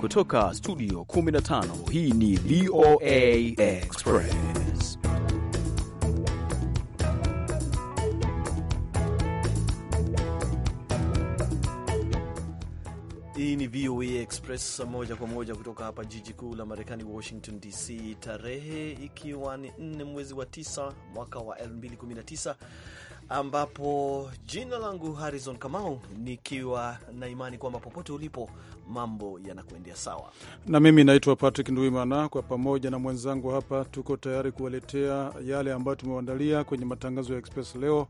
Kutoka studio 15 hii ni VOA Express. Hii ni VOA Express moja kwa moja kutoka hapa jiji kuu la Marekani, Washington DC, tarehe ikiwa ni 4 mwezi wa 9 mwaka wa 2019 ambapo jina langu Harrison Kamau, nikiwa na imani kwamba popote ulipo mambo yanakuendea sawa. Na mimi naitwa Patrick Nduimana, kwa pamoja na mwenzangu hapa tuko tayari kuwaletea yale ambayo tumewaandalia kwenye matangazo ya Express leo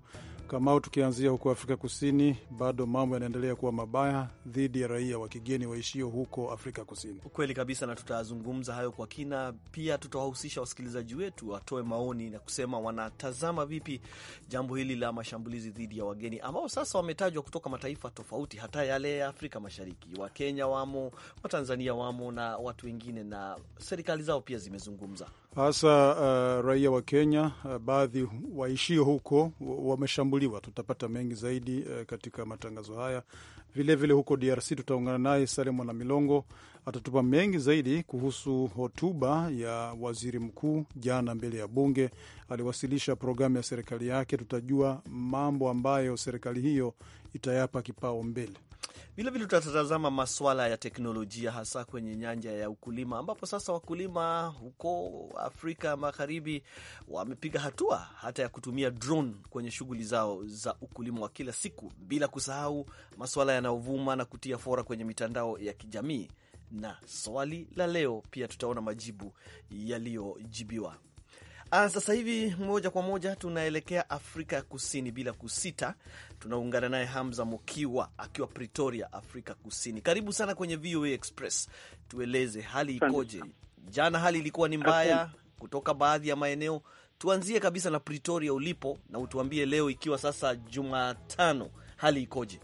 Kamau, tukianzia huko Afrika Kusini, bado mambo yanaendelea kuwa mabaya dhidi ya raia wa kigeni waishio huko Afrika Kusini. Kweli kabisa, na tutazungumza hayo kwa kina. Pia tutawahusisha wasikilizaji wetu watoe maoni na kusema wanatazama vipi jambo hili la mashambulizi dhidi ya wageni ambao sasa wametajwa kutoka mataifa tofauti, hata yale ya Afrika Mashariki. Wakenya wamo, Watanzania wamo na watu wengine, na serikali zao pia zimezungumza hasa uh, raia wa Kenya uh, baadhi waishio huko wameshambuliwa. Tutapata mengi zaidi uh, katika matangazo haya. Vilevile vile huko DRC tutaungana naye Sale Mwana Milongo, atatupa mengi zaidi kuhusu hotuba ya waziri mkuu jana mbele ya bunge. Aliwasilisha programu ya serikali yake, tutajua mambo ambayo serikali hiyo itayapa kipao mbele. Vilevile tutatazama maswala ya teknolojia, hasa kwenye nyanja ya ukulima, ambapo sasa wakulima huko Afrika Magharibi wamepiga hatua hata ya kutumia drone kwenye shughuli zao za ukulima wa kila siku, bila kusahau maswala yanayovuma na kutia fora kwenye mitandao ya kijamii. Na swali la leo pia tutaona majibu yaliyojibiwa. Ah, sasa hivi moja kwa moja tunaelekea Afrika ya Kusini. Bila kusita, tunaungana naye Hamza Mukiwa akiwa Pretoria, Afrika Kusini. Karibu sana kwenye VOA Express, tueleze hali ikoje? Jana hali ilikuwa ni mbaya kutoka baadhi ya maeneo. Tuanzie kabisa na Pretoria ulipo, na utuambie leo, ikiwa sasa Jumatano, hali ikoje?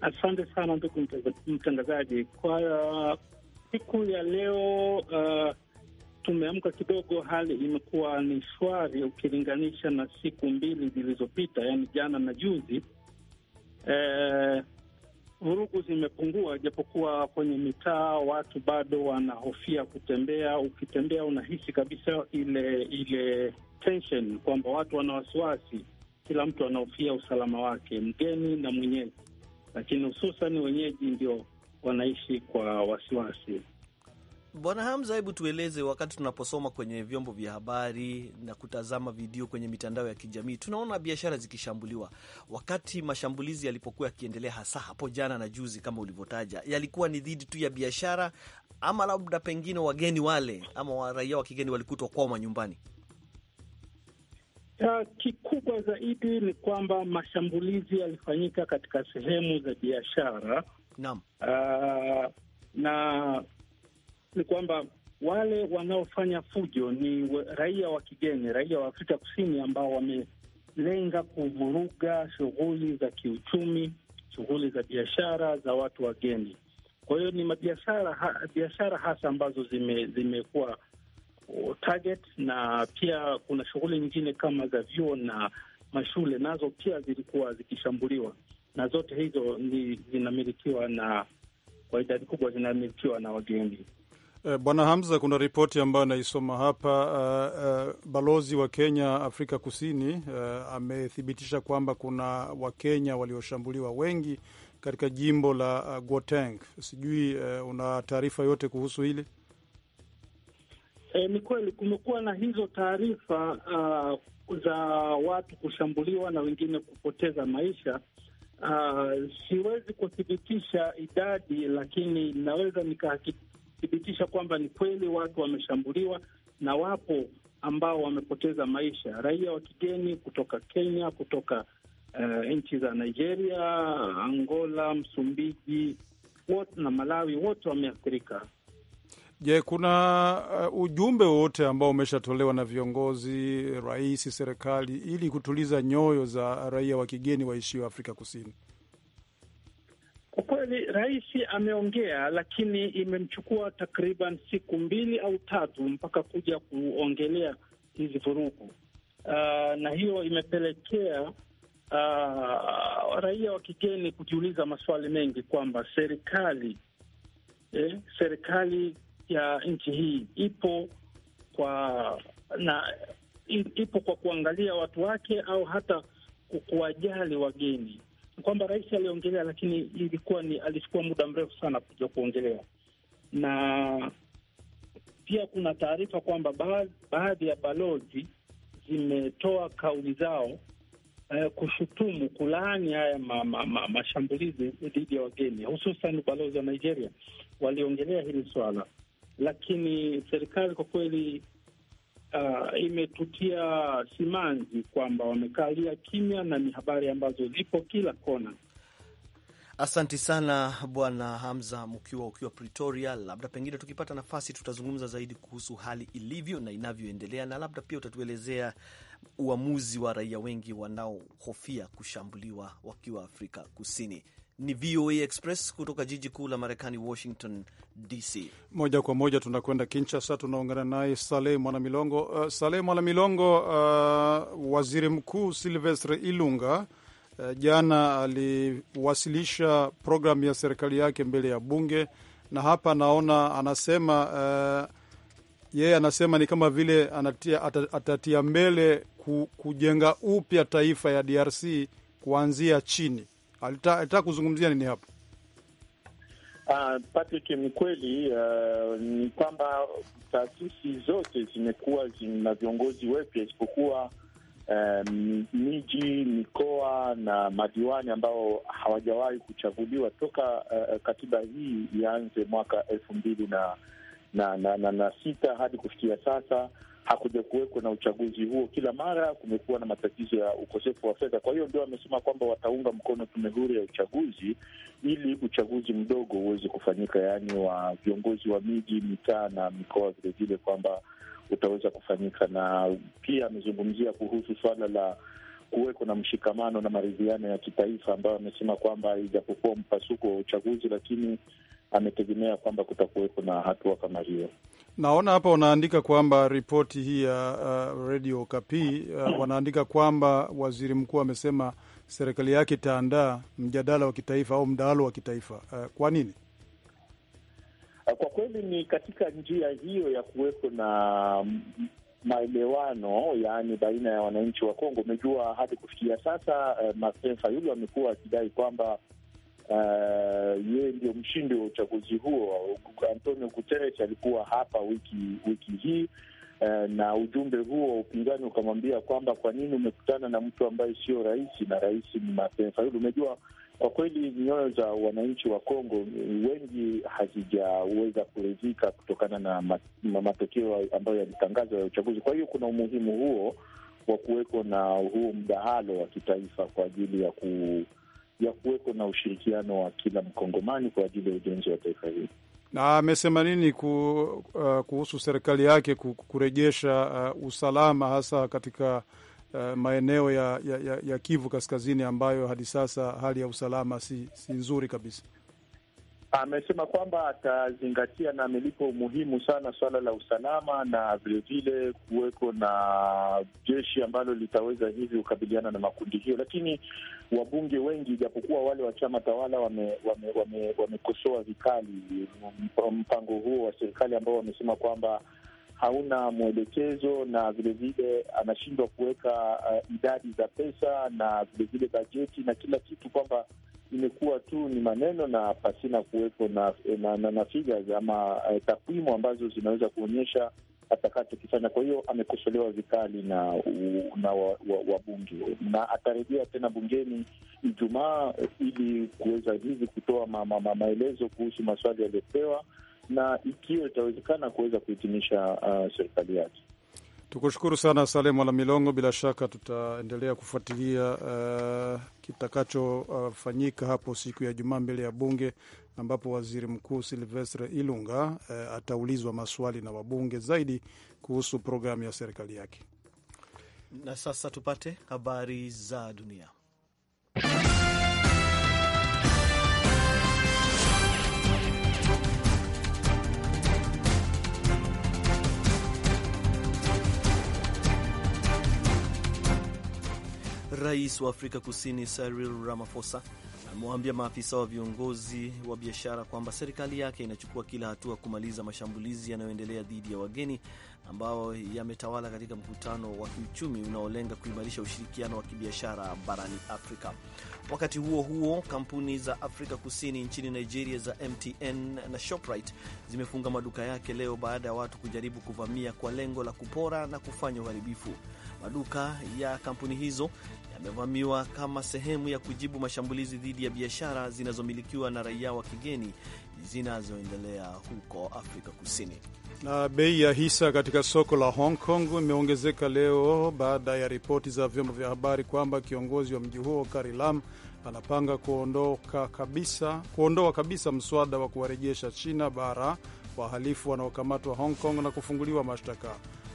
Asante sana ndugu mtangazaji, kwa uh, siku ya leo uh tumeamka kidogo, hali imekuwa ni shwari ukilinganisha na siku mbili zilizopita, yaani jana na juzi. E, vurugu zimepungua, japokuwa kwenye mitaa watu bado wanahofia kutembea. Ukitembea unahisi kabisa ile ile tension kwamba watu wana wasiwasi, kila mtu anahofia usalama wake, mgeni na mwenyeji, lakini hususan wenyeji ndio wanaishi kwa wasiwasi. Bwana Hamza, hebu tueleze, wakati tunaposoma kwenye vyombo vya habari na kutazama video kwenye mitandao ya kijamii, tunaona biashara zikishambuliwa. Wakati mashambulizi yalipokuwa yakiendelea, hasa hapo jana na juzi, kama ulivyotaja, yalikuwa ni dhidi tu ya biashara, ama labda pengine wageni wale ama waraia wa kigeni walikutwa kwao manyumbani? Kikubwa zaidi ni kwamba mashambulizi yalifanyika katika sehemu za biashara. Naam. Uh, na ni kwamba wale wanaofanya fujo ni raia wa kigeni, raia wa Afrika Kusini ambao wamelenga kuvuruga shughuli za kiuchumi, shughuli za biashara za watu wageni. Kwa hiyo ni biashara ha, biashara hasa ambazo zimekuwa zime uh, target, na pia kuna shughuli nyingine kama za vyuo na mashule nazo pia zilikuwa zikishambuliwa, na zote hizo zinamilikiwa na kwa idadi kubwa zinamilikiwa na wageni. Eh, Bwana Hamza, kuna ripoti ambayo anaisoma hapa. Uh, uh, balozi wa Kenya Afrika Kusini uh, amethibitisha kwamba kuna Wakenya walioshambuliwa wengi katika jimbo la uh, Gauteng. Sijui uh, una taarifa yote kuhusu hili? E, ni kweli kumekuwa na hizo taarifa uh, za watu kushambuliwa na wengine kupoteza maisha. Uh, siwezi kuthibitisha idadi, lakini naweza nikahakikisha kuthibitisha kwamba ni kweli watu wameshambuliwa na wapo ambao wamepoteza maisha, raia wa kigeni kutoka Kenya, kutoka uh, nchi za Nigeria, Angola, Msumbiji wote na Malawi, wote wameathirika. Je, kuna uh, ujumbe wowote ambao umeshatolewa na viongozi, rais, serikali ili kutuliza nyoyo za raia wa kigeni waishio Afrika Kusini? kweli rais ameongea, lakini imemchukua takriban siku mbili au tatu mpaka kuja kuongelea hizi vurugu uh, na hiyo imepelekea uh, raia wa kigeni kujiuliza maswali mengi kwamba serikali eh, serikali ya nchi hii ipo kwa na ipo kwa kuangalia watu wake au hata kuwajali wageni kwamba rais aliongelea, lakini ilikuwa ni alichukua muda mrefu sana kuja kuongelea, na pia kuna taarifa kwamba baadhi, ya balozi zimetoa kauli zao eh, kushutumu kulaani haya ma, ma, ma, mashambulizi dhidi ya wageni, hususan balozi wa Nigeria waliongelea hili swala, lakini serikali kwa kweli uh, imetutia simanzi kwamba wamekalia kimya, na ni habari ambazo zipo kila kona. Asanti sana Bwana Hamza mkiwa ukiwa Pretoria. Labda pengine tukipata nafasi, tutazungumza zaidi kuhusu hali ilivyo na inavyoendelea, na labda pia utatuelezea uamuzi wa raia wengi wanaohofia kushambuliwa wakiwa Afrika Kusini. Ni VOA Express kutoka jiji kuu la Marekani, Washington DC. Moja kwa moja tunakwenda Kinshasa, tunaongana naye Saleh Mwanamilongo. Uh, Saleh Mwanamilongo, uh, waziri mkuu Silvestre Ilunga uh, jana aliwasilisha programu ya serikali yake mbele ya bunge, na hapa naona anasema uh, yeye yeah, anasema ni kama vile anatia, atatia mbele ku, kujenga upya taifa ya DRC kuanzia chini alitaka kuzungumzia nini hapo? Uh, Patrick, ni kweli uh, ni kwamba taasisi zote zimekuwa zina viongozi wepya isipokuwa um, miji, mikoa na madiwani ambao hawajawahi kuchaguliwa toka uh, katiba hii ianze mwaka elfu mbili na, na, na, na, na sita hadi kufikia sasa hakuja kuwekwa na uchaguzi huo. Kila mara kumekuwa na matatizo ya ukosefu wa fedha. Kwa hiyo ndio amesema kwamba wataunga mkono tume huru ya uchaguzi ili uchaguzi mdogo uweze kufanyika, yaani wa viongozi wa miji, mitaa na mikoa vilevile, kwamba utaweza kufanyika. Na pia amezungumzia kuhusu suala la kuweko na mshikamano na maridhiano ya kitaifa, ambayo amesema kwamba ijapokuwa mpasuko wa uchaguzi, lakini ametegemea kwamba kutakuweko na hatua kama hiyo. Naona hapa wanaandika kwamba ripoti hii ya uh, redio Kapi uh, wanaandika kwamba waziri mkuu amesema serikali yake itaandaa mjadala wa kitaifa au mdahalo wa kitaifa uh, kwa nini? Uh, kwa kweli ni katika njia hiyo ya kuweko na mm, maelewano yaani, baina ya wananchi wa Kongo. Umejua hadi kufikia sasa uh, Martin Fayulu amekuwa akidai kwamba Uh, yeye ndio mshindi wa uchaguzi huo. Antonio Guterres alikuwa hapa wiki wiki hii uh, na ujumbe huo wa upinzani ukamwambia kwamba kwa nini umekutana na mtu ambaye sio rais na rais ni Martin Fayulu. Umejua, kwa kweli nyoyo za wananchi wa Kongo wengi hazijaweza kuridhika kutokana na matokeo ambayo yalitangazwa ya uchaguzi. Kwa hiyo kuna umuhimu huo wa kuweko na huo mdahalo wa kitaifa kwa ajili ya ku ya kuweko na ushirikiano wa kila Mkongomani kwa ajili ya ujenzi wa taifa hili. Na amesema nini ku, uh, kuhusu serikali yake kurejesha uh, usalama hasa katika uh, maeneo ya, ya, ya Kivu Kaskazini ambayo hadi sasa hali ya usalama si, si nzuri kabisa? amesema kwamba atazingatia na amelipo umuhimu sana suala la usalama na vilevile kuweko na jeshi ambalo litaweza hivi kukabiliana na makundi hiyo. Lakini wabunge wengi, ijapokuwa wale wa chama tawala wamekosoa wame, wame, wame vikali mpango huo wa serikali ambao wamesema kwamba hauna mwelekezo na vilevile anashindwa kuweka uh, idadi za pesa na vilevile bajeti na kila kitu kwamba imekuwa tu ni maneno na pasina kuwepo na, na, na, na figures ama uh, takwimu ambazo zinaweza kuonyesha atakachokifanya. Kwa hiyo amekosolewa vikali na na wabunge wa, wa na atarejea tena bungeni Ijumaa eh, ili kuweza hivi kutoa ma, ma, ma, maelezo kuhusu maswali yaliyopewa na ikiwa itawezekana kuweza kuhitimisha uh, serikali yake. Tukushukuru sana Salem Mwana Milongo, bila shaka tutaendelea kufuatilia uh, kitakachofanyika uh, hapo siku ya Jumaa mbele ya Bunge, ambapo waziri mkuu Silvestre Ilunga uh, ataulizwa maswali na wabunge zaidi kuhusu programu ya serikali yake. Na sasa tupate habari za dunia. Rais wa Afrika Kusini Cyril Ramaphosa amewaambia maafisa wa viongozi wa biashara kwamba serikali yake inachukua kila hatua kumaliza mashambulizi yanayoendelea dhidi ya wageni ambayo yametawala katika mkutano wa kiuchumi unaolenga kuimarisha ushirikiano wa kibiashara barani Afrika. Wakati huo huo, kampuni za Afrika Kusini nchini Nigeria za MTN na Shoprite zimefunga maduka yake leo baada ya watu kujaribu kuvamia kwa lengo la kupora na kufanya uharibifu. Maduka ya kampuni hizo yamevamiwa kama sehemu ya kujibu mashambulizi dhidi ya biashara zinazomilikiwa na raia wa kigeni zinazoendelea huko Afrika Kusini. Na bei ya hisa katika soko la Hong Kong imeongezeka leo baada ya ripoti za vyombo vya habari kwamba kiongozi wa mji huo Carrie Lam anapanga kuondoka kabisa, kuondoa kabisa mswada wa kuwarejesha China bara wahalifu wanaokamatwa Hong Kong na kufunguliwa mashtaka.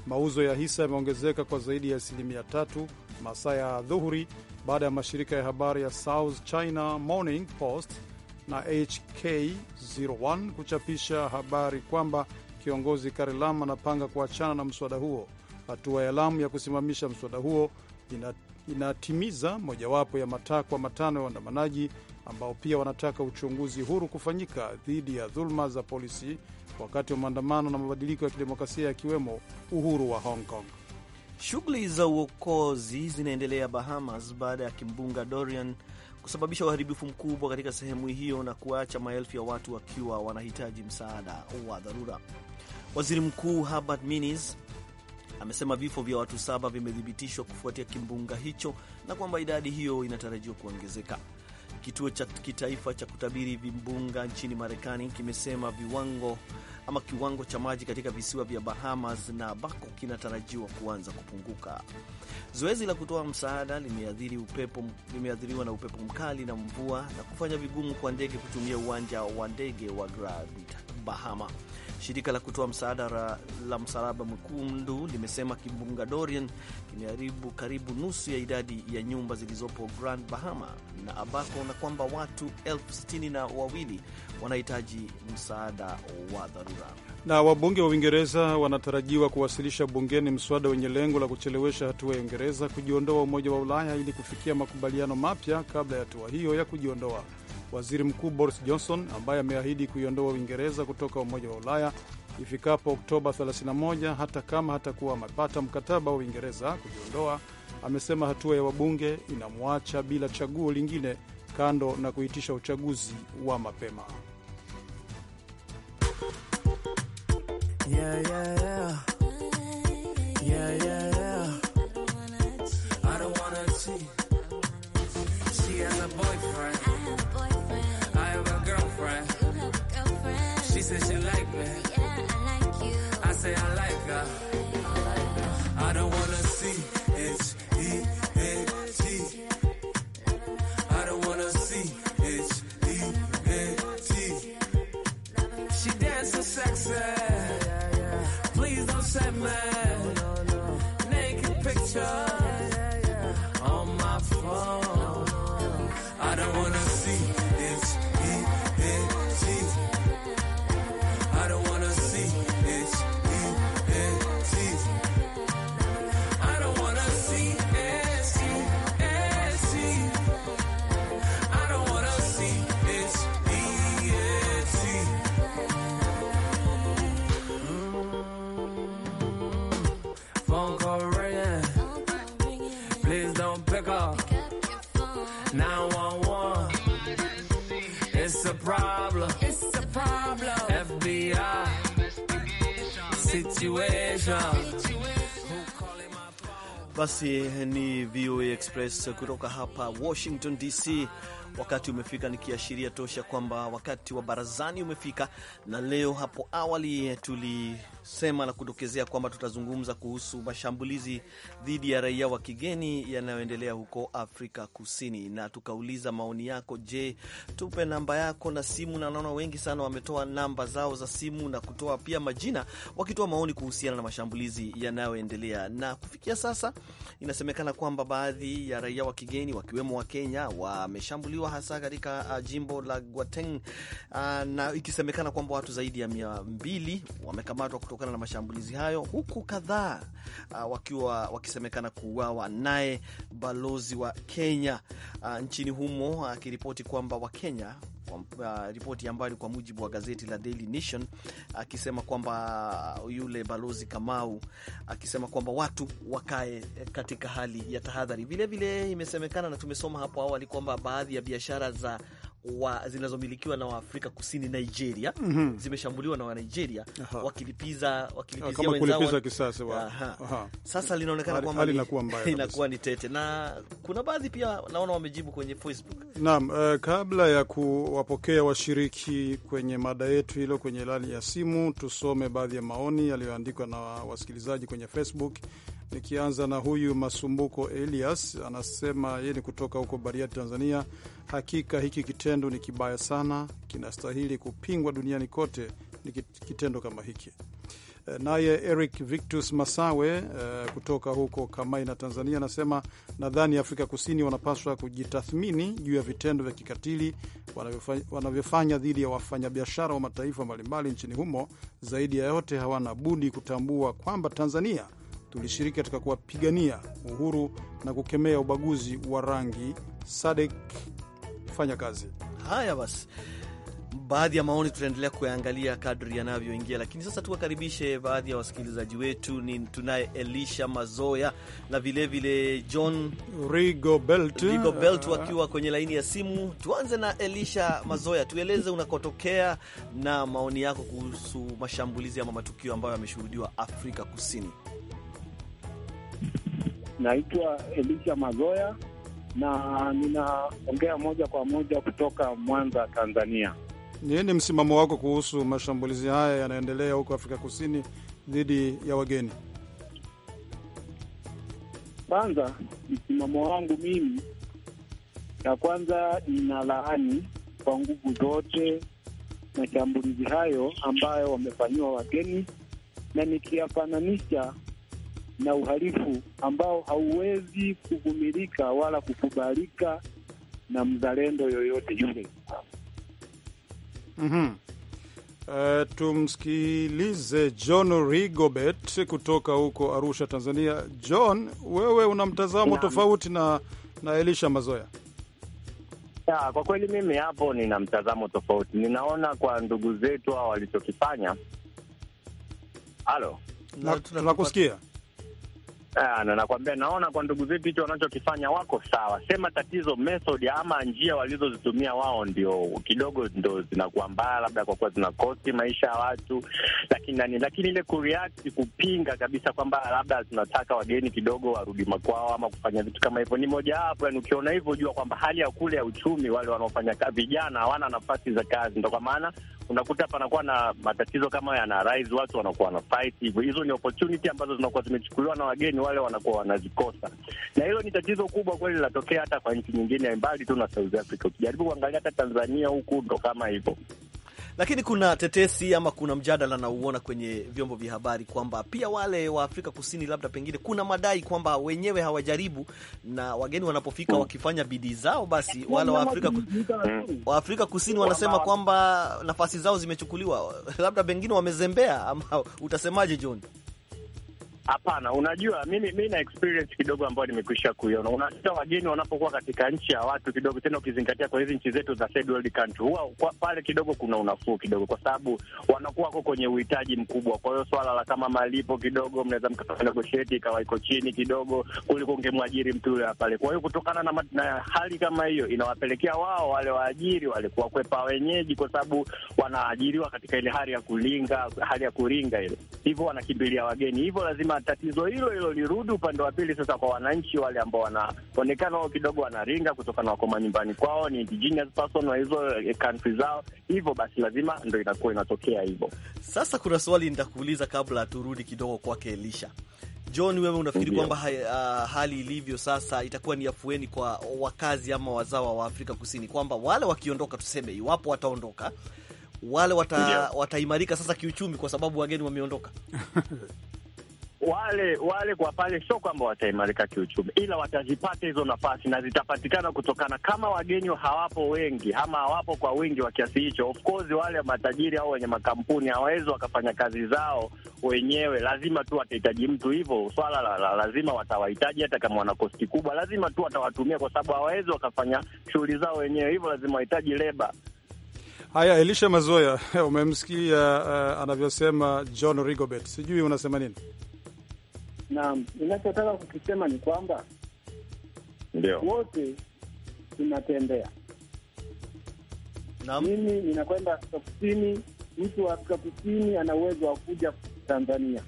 Mauzo ya hisa yameongezeka kwa zaidi ya asilimia tatu masaa ya dhuhuri baada ya mashirika ya habari ya South China Morning Post na HK01 kuchapisha habari kwamba kiongozi Karilam anapanga kuachana na mswada huo. Hatua ya Lamu ya kusimamisha mswada huo inatimiza mojawapo ya matakwa matano ya waandamanaji ambao pia wanataka uchunguzi huru kufanyika dhidi ya dhuluma za polisi wakati wa maandamano na mabadiliko ya kidemokrasia yakiwemo uhuru wa Hong Kong. Shughuli za uokozi zinaendelea Bahamas baada ya kimbunga Dorian kusababisha uharibifu mkubwa katika sehemu hiyo na kuacha maelfu ya watu wakiwa wanahitaji msaada wa dharura. Waziri Mkuu Hubert Minnis amesema vifo vya watu saba vimethibitishwa kufuatia kimbunga hicho na kwamba idadi hiyo inatarajiwa kuongezeka. Kituo cha kitaifa cha kutabiri vimbunga nchini Marekani kimesema viwango ama kiwango cha maji katika visiwa vya Bahamas na Bako kinatarajiwa kuanza kupunguka. Zoezi la kutoa msaada limeathiri upepo, limeathiriwa na upepo mkali na mvua na kufanya vigumu kwa ndege kutumia uwanja wa ndege wa Grand Bahama. Shirika la kutoa msaada la, la Msalaba Mwekundu limesema kimbunga Dorian kimeharibu karibu nusu ya idadi ya nyumba zilizopo Grand Bahama na Abaco na kwamba watu elfu sitini na wawili wanahitaji msaada wa dharura. Na wabunge wa Uingereza wanatarajiwa kuwasilisha bungeni mswada wenye lengo la kuchelewesha hatua ya Uingereza kujiondoa Umoja wa Ulaya ili kufikia makubaliano mapya kabla ya hatua hiyo ya kujiondoa. Waziri Mkuu Boris Johnson ambaye ameahidi kuiondoa Uingereza kutoka Umoja wa Ulaya ifikapo Oktoba 31 hata kama hatakuwa amepata mkataba wa Uingereza kujiondoa, amesema hatua ya wabunge inamwacha bila chaguo lingine kando na kuitisha uchaguzi wa mapema. Yeah, yeah, yeah. Yeah, yeah, yeah. I don't wanna see. She has a boyfriend. said she like me. Yeah, I like you. I say I like her. Basi ni VOA Express kutoka hapa Washington DC. Wakati umefika nikiashiria tosha kwamba wakati wa barazani umefika, na leo hapo awali tulisema na kudokezea kwamba tutazungumza kuhusu mashambulizi dhidi ya raia wa kigeni yanayoendelea huko Afrika Kusini, na tukauliza maoni yako. Je, tupe namba yako na simu, na naona wengi sana wametoa namba zao za simu na kutoa pia majina, wakitoa maoni kuhusiana na mashambulizi yanayoendelea. Na kufikia sasa inasemekana kwamba baadhi ya raia wa kigeni wakiwemo wa Kenya wameshambuliwa kuzuiliwa hasa katika uh, jimbo la Gauteng, uh, na ikisemekana kwamba watu zaidi ya mia mbili wamekamatwa kutokana na mashambulizi hayo, huku kadhaa uh, wakiwa wakisemekana kuuawa. Naye balozi wa Kenya nchini humo akiripoti kwamba Wakenya uh, ripoti ambayo kwa mujibu wa gazeti la Daily Nation akisema kwamba yule balozi Kamau akisema kwamba watu wakae katika hali ya tahadhari. Vilevile imesemekana na tumesoma hapo awali kwamba baadhi ya biashara za wa zinazomilikiwa na Waafrika Kusini Nigeria, mm -hmm. zimeshambuliwa na Wanigeria wakilipiza wakilipizia ah, wenzao kisasi wa... Sasa linaonekana kwamba inakuwa ni tete, na kuna baadhi pia naona wamejibu kwenye Facebook. Naam, uh, kabla ya kuwapokea washiriki kwenye mada yetu hilo kwenye lani ya simu, tusome baadhi ya maoni yaliyoandikwa na wasikilizaji kwenye Facebook, nikianza na huyu Masumbuko Elias anasema yeye ni kutoka huko Bariadi, Tanzania. Hakika hiki kitendo ni kibaya sana, kinastahili kupingwa duniani kote, ni kitendo kama hiki. E, naye Eric Victus Masawe e, kutoka huko Kamaina, Tanzania, anasema nadhani Afrika Kusini wanapaswa kujitathmini juu ya vitendo vya kikatili wanavyofanya dhidi ya wafanyabiashara wa mataifa mbalimbali nchini humo. Zaidi ya yote, hawana budi kutambua kwamba Tanzania tulishiriki katika kuwapigania uhuru na kukemea ubaguzi wa rangi, Sadek kufanya kazi. Haya basi, baadhi ya maoni tutaendelea kuyaangalia kadri yanavyoingia, lakini sasa tuwakaribishe baadhi ya wasikilizaji wetu. Ni tunaye Elisha Mazoya na vilevile John Rigobelt, Rigobelt wakiwa kwenye laini ya simu. Tuanze na Elisha Mazoya, tueleze unakotokea na maoni yako kuhusu mashambulizi ama matukio ambayo yameshuhudiwa Afrika Kusini. Naitwa Elisha Mazoya na ninaongea moja kwa moja kutoka Mwanza, Tanzania. Nini msimamo wako kuhusu mashambulizi haya yanaendelea huko Afrika Kusini dhidi ya wageni? Kwanza, msimamo wangu mimi, ya kwanza laani kwa nguvu zote mashambulizi hayo ambayo wamefanyiwa wageni, na nikiyafananisha na uhalifu ambao hauwezi kuvumilika wala kukubalika na mzalendo yoyote yule. mm -hmm. Uh, tumsikilize John Rigobert kutoka huko Arusha, Tanzania. John, wewe una mtazamo tofauti na na Elisha Mazoya? Ya, kwa kweli mimi hapo nina mtazamo tofauti. Ninaona kwa ndugu zetu hao walichokifanya. Halo, tunakusikia Ah, na nakwambia naona kwa ndugu zetu hicho wanachokifanya wako sawa, sema tatizo method ama njia walizozitumia wao ndio kidogo ndo zinakuwa mbaya, labda kwa kuwa zinakosti maisha ya watu, lakini nani, lakini ile kureact kupinga kabisa kwamba labda tunataka wageni kidogo warudi makwao ama kufanya vitu kama hivyo ni mojawapo. Yani ukiona hivyo jua kwamba hali ya kule ya uchumi, wale wanaofanya vijana hawana nafasi za kazi, ndo kwa maana unakuta panakuwa na matatizo kama yana rise, watu wanakuwa na fight hivyo. Hizo ni opportunity ambazo zinakuwa zimechukuliwa na wageni wale, wanakuwa wanazikosa, na hilo ni tatizo kubwa kweli, linatokea hata kwa nchi nyingine mbali tu na South Africa. Ukijaribu kuangalia hata Tanzania huku ndo kama hivyo. Lakini kuna tetesi ama kuna mjadala nauona kwenye vyombo vya habari kwamba pia wale wa Afrika Kusini labda pengine kuna madai kwamba wenyewe hawajaribu na wageni wanapofika wakifanya bidii zao, basi wale wa Afrika, wa Afrika Kusini wanasema kwamba nafasi zao zimechukuliwa, labda pengine wamezembea, ama utasemaje John? Hapana, unajua mimi mi na experience kidogo ambayo nimekwisha kuiona. Unakuta wageni wanapokuwa katika nchi ya watu kidogo, tena ukizingatia kwa hizi nchi zetu za third world country, huwa pale kidogo kuna unafuu kidogo, kwa sababu wanakuwa wako kwenye uhitaji mkubwa. Kwa hiyo swala la kama malipo kidogo, mnaweza mkanegotiate ikawa iko chini kidogo kuliko ungemwajiri mtu yule pale. Kwa hiyo kutokana na, na hali kama hiyo, inawapelekea wao wale waajiri wale kuwakwepa wenyeji, kwa sababu wanaajiriwa katika ile hali ya kulinga, hali ya kuringa ile, hivyo wanakimbilia wageni, hivyo lazima lazima tatizo hilo hilo lirudi upande wa pili sasa kwa wananchi wale ambao wanaonekana wao kidogo wanaringa kutokana wako manyumbani kwao, ni indigenous person wa hizo eh, country zao. Hivyo basi lazima ndo inakuwa inatokea hivyo. Sasa kuna swali nitakuuliza kabla turudi kidogo kwake Elisha John, wewe unafikiri kwamba uh, hali ilivyo sasa itakuwa ni afueni kwa wakazi ama wazawa wa Afrika Kusini, kwamba wale wakiondoka, tuseme iwapo wataondoka wale wata, wataimarika sasa kiuchumi kwa sababu wageni wameondoka? wale wale kwa pale, sio kwamba wataimarika kiuchumi, ila watazipata hizo nafasi na zitapatikana kutokana, kama wageni hawapo wengi ama hawapo kwa wingi wa kiasi hicho. Of course wale matajiri au wenye makampuni hawawezi wakafanya kazi zao wenyewe, lazima tu watahitaji mtu. Hivyo swala la, la, lazima watawahitaji, hata kama wana kosti kubwa, lazima tu watawatumia, kwa sababu hawawezi wakafanya shughuli zao wenyewe, hivyo lazima wahitaji leba. Haya, Elisha Mazoya, umemsikia uh, uh, anavyosema John Rigobert, sijui unasema nini? Naam, ninachotaka kukisema ni kwamba ndio wote tunatembea. Naam, mimi ninakwenda Afrika Kusini, mtu wa Afrika Kusini ana uwezo wa kuja Tanzania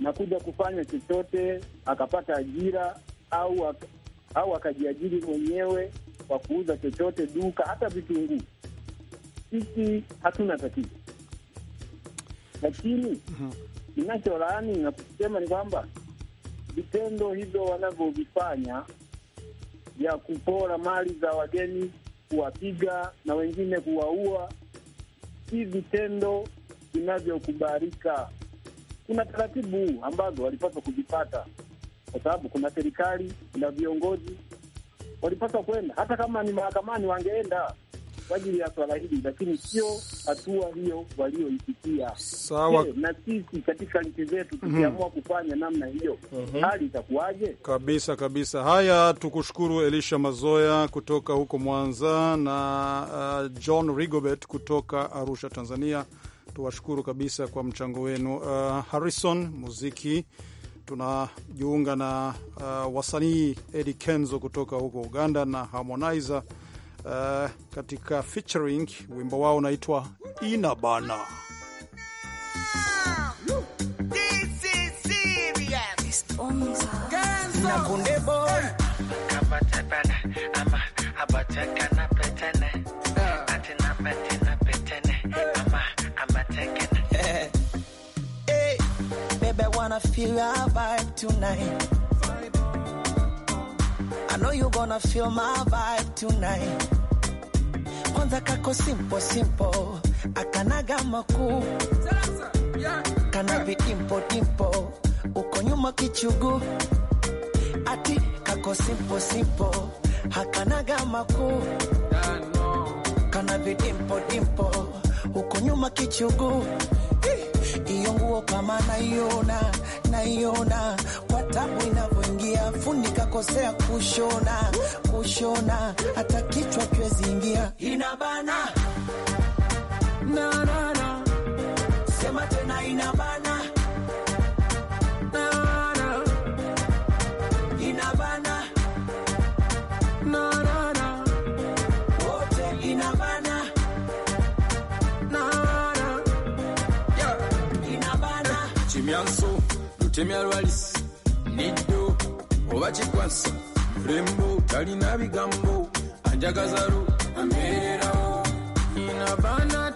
na kuja kufanya chochote, akapata ajira au au akajiajiri mwenyewe kwa kuuza chochote, duka, hata vitunguu. Sisi hatuna tatizo, lakini mm -hmm. Ninacholaani na kusema ni kwamba vitendo hivyo wanavyovifanya vya kupora mali za wageni, kuwapiga na wengine kuwaua, si vitendo vinavyokubalika. Kuna taratibu ambazo walipaswa kuzipata, kwa sababu kuna serikali na viongozi walipaswa kwenda, hata kama ni mahakamani wangeenda kwa ajili ya swala hili, lakini sio hatua hiyo walioifikia. Sawa na sisi katika nchi zetu mhm. tukiamua kufanya namna hiyo, mhm. hali itakuwaje? Kabisa kabisa. Haya, tukushukuru Elisha Mazoya kutoka huko Mwanza na uh, John Rigobert kutoka Arusha, Tanzania. Tuwashukuru kabisa kwa mchango wenu. Uh, Harrison muziki tunajiunga na uh, wasanii Eddie Kenzo kutoka huko Uganda na Harmonizer Eh, katika featuring wimbo wao unaitwa ina bana eh. eh. tonight kwanza kako simple simple, akanaga maku kanavi vidimpo dimpo, uko nyuma kichugu, ati kako simple simple, hakanaga maku kanavi vidimpo dimpo, uko nyuma kichugu iyo nguo kama naiona naiona kwa tabu inavyo kulia, fundi kakosea kushona, kushona hata kichwa kiwezi ingia, inabana na, na, na. Sema tena inabana Chimianso, lutemia lwalis, nido oba kikwasa bulembo talina bigambo anjagaza lu ambeererawo ina baana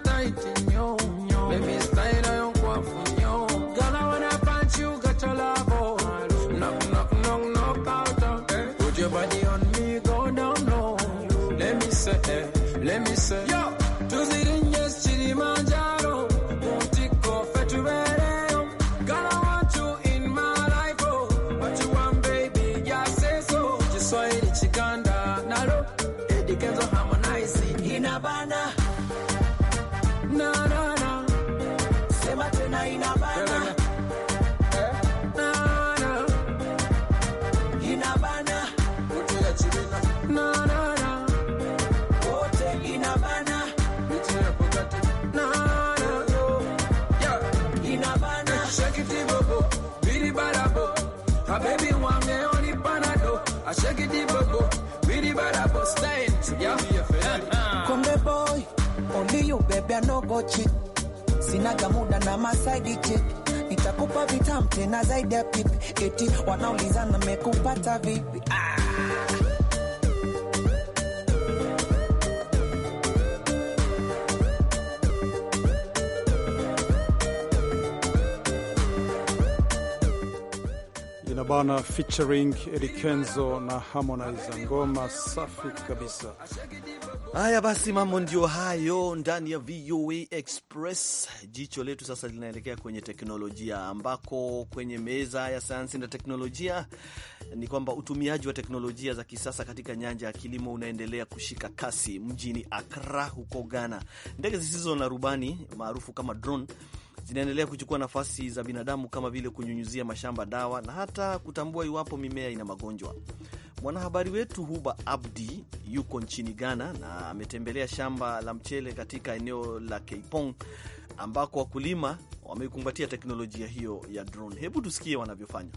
Kidokezo harmonize inabana Sinaga muda na masaidi chick, nitakupa vitam tena zaidi ya pipi, eti wanaulizana mekupata vipi? Ah, jina bana featuring Eddy na Harmonize, ngoma safi kabisa. Haya basi, mambo ndio hayo ndani ya VOA Express. Jicho letu sasa linaelekea kwenye teknolojia, ambako kwenye meza ya sayansi na teknolojia ni kwamba utumiaji wa teknolojia za kisasa katika nyanja ya kilimo unaendelea kushika kasi mjini Accra huko Ghana. Ndege zisizo na rubani maarufu kama drone zinaendelea kuchukua nafasi za binadamu kama vile kunyunyuzia mashamba dawa na hata kutambua iwapo mimea ina magonjwa. Mwanahabari wetu Huba Abdi yuko nchini Ghana na ametembelea shamba la mchele katika eneo la Keipong ambako wakulima wameikumbatia teknolojia hiyo ya drone. Hebu tusikie wanavyofanya.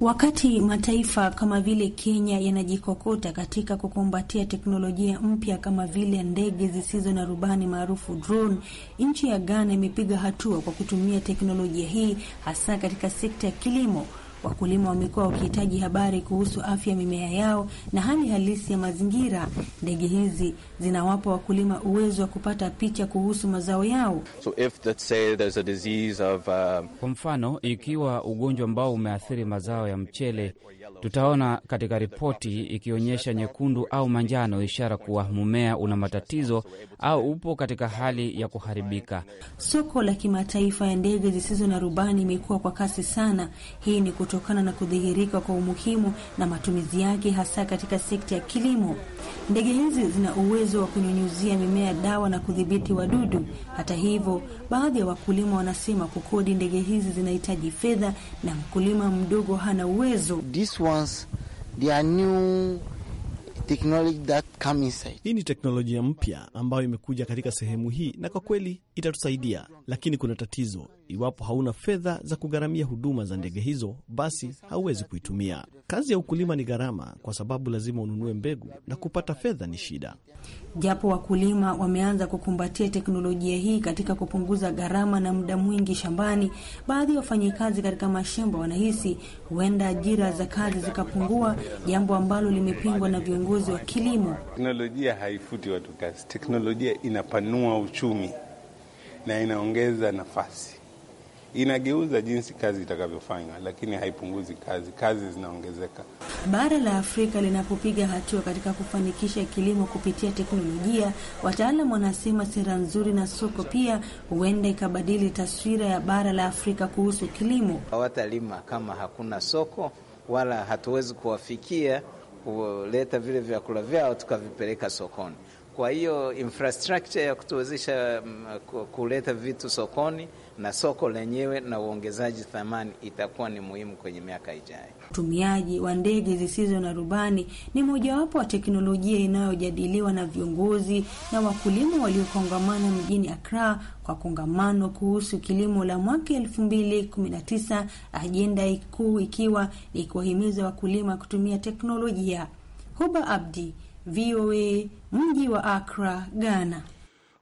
Wakati mataifa kama vile Kenya yanajikokota katika kukumbatia teknolojia mpya kama vile ndege zisizo na rubani maarufu drone, nchi ya Ghana imepiga hatua kwa kutumia teknolojia hii hasa katika sekta ya kilimo. Wakulima wamekuwa wakihitaji habari kuhusu afya ya mimea yao na hali halisi ya mazingira. Ndege hizi zinawapa wakulima uwezo wa kupata picha kuhusu mazao yao. So if say a of, uh... kwa mfano ikiwa ugonjwa ambao umeathiri mazao ya mchele Tutaona katika ripoti ikionyesha nyekundu au manjano, ishara kuwa mmea una matatizo au upo katika hali ya kuharibika. Soko la kimataifa ya ndege zisizo na rubani imekuwa kwa kasi sana. Hii ni kutokana na kudhihirika kwa umuhimu na matumizi yake, hasa katika sekta ya kilimo. Ndege hizi zina uwezo wa kunyunyuzia mimea dawa na kudhibiti wadudu. Hata hivyo, baadhi ya wakulima wanasema kukodi ndege hizi zinahitaji fedha na mkulima mdogo hana uwezo This hii ni teknolojia mpya ambayo imekuja katika sehemu hii na kwa kweli itatusaidia, lakini kuna tatizo. Iwapo hauna fedha za kugharamia huduma za ndege hizo, basi hauwezi kuitumia. Kazi ya ukulima ni gharama, kwa sababu lazima ununue mbegu na kupata fedha ni shida. Japo wakulima wameanza kukumbatia teknolojia hii katika kupunguza gharama na muda mwingi shambani, baadhi ya wafanyakazi katika mashamba wanahisi huenda ajira za kazi zikapungua, jambo ambalo limepingwa na viongozi wa kilimo. Teknolojia haifuti watu kazi, teknolojia inapanua uchumi na inaongeza nafasi inageuza jinsi kazi itakavyofanywa, lakini haipunguzi kazi. Kazi zinaongezeka. Bara la Afrika linapopiga hatua katika kufanikisha kilimo kupitia teknolojia, wataalam wanasema sera nzuri na soko pia huenda ikabadili taswira ya bara la Afrika kuhusu kilimo. Hawatalima kama hakuna soko, wala hatuwezi kuwafikia kuleta vile vyakula vyao tukavipeleka sokoni. Kwa hiyo infrastructure ya kutuwezesha mm, kuleta vitu sokoni na soko lenyewe na uongezaji thamani itakuwa ni muhimu kwenye miaka ijayo. Utumiaji wa ndege zisizo na rubani ni mojawapo wa teknolojia inayojadiliwa na viongozi na wakulima waliokongamana mjini Accra kwa kongamano kuhusu kilimo la mwaka elfu mbili kumi na tisa, ajenda kuu ikiwa ni kuwahimiza wakulima kutumia teknolojia. Huba Abdi VOA mji wa Akra, Ghana.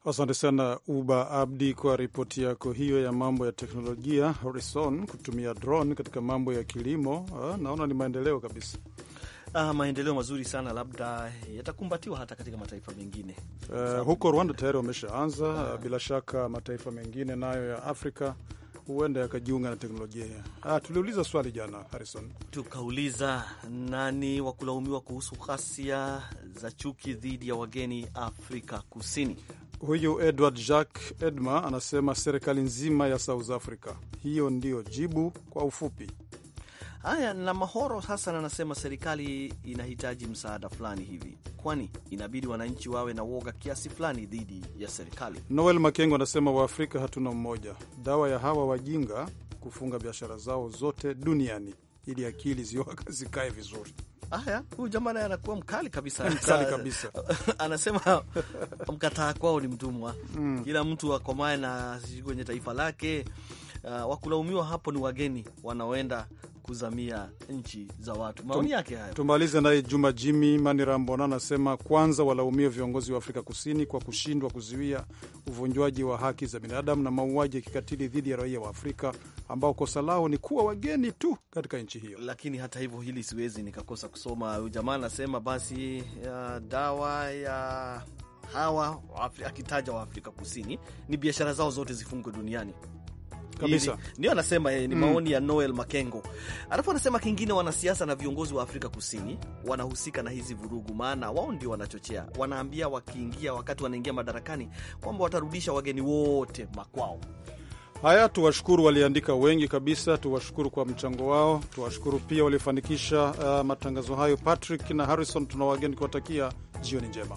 Asante sana Uba Abdi kwa ripoti yako hiyo ya mambo ya teknolojia. Horizon kutumia drone katika mambo ya kilimo, ah, naona ni maendeleo kabisa. Ah, maendeleo mazuri sana, labda yatakumbatiwa hata katika mataifa mengine. Uh, huko Rwanda tayari wameshaanza. Uh, bila shaka mataifa mengine nayo ya Afrika huenda yakajiunga na teknolojia. Ah, tuliuliza swali jana Harrison, tukauliza nani wa kulaumiwa kuhusu ghasia za chuki dhidi ya wageni Afrika Kusini. Huyu Edward Jacques Edma anasema serikali nzima ya South Africa. Hiyo ndiyo jibu kwa ufupi. Haya, na Mahoro Hasan anasema serikali inahitaji msaada fulani hivi, kwani inabidi wananchi wawe na woga kiasi fulani dhidi ya serikali. Noel Makengo anasema Waafrika hatuna mmoja, dawa ya hawa wajinga kufunga biashara zao zote duniani ili akili ziwaka zikae vizuri. Haya, huyu jamaa naye anakuwa mkali kabisa, mkali kabisa. anasema mkataa kwao ni mtumwa, mm. kila mtu akomae na kwenye taifa lake uh, wakulaumiwa hapo ni wageni wanaoenda kuzamia nchi za watu. Maoni yake hayo. Tumalize naye Juma Jimi Manirambona anasema kwanza walaumiwa viongozi wa Afrika Kusini kwa kushindwa kuzuia uvunjwaji wa haki za binadamu na mauaji ya kikatili dhidi ya raia wa Afrika ambao kosa lao ni kuwa wageni tu katika nchi hiyo. Lakini hata hivyo, hili siwezi nikakosa kusoma. Jamaa anasema basi ya dawa ya hawa akitaja wa Afrika Kusini ni biashara zao zote zifungwe duniani kabisa. Ndio anasema yeye ni mm. maoni ya Noel Makengo. Alafu anasema kingine, wanasiasa na viongozi wa Afrika Kusini wanahusika na hizi vurugu, maana wao ndio wanachochea, wanaambia wakiingia, wakati wanaingia madarakani kwamba watarudisha wageni wote makwao. Haya, tuwashukuru waliandika wengi kabisa, tuwashukuru kwa mchango wao, tuwashukuru pia waliofanikisha uh, matangazo hayo. Patrick na Harrison, tuna wageni kuwatakia jioni njema.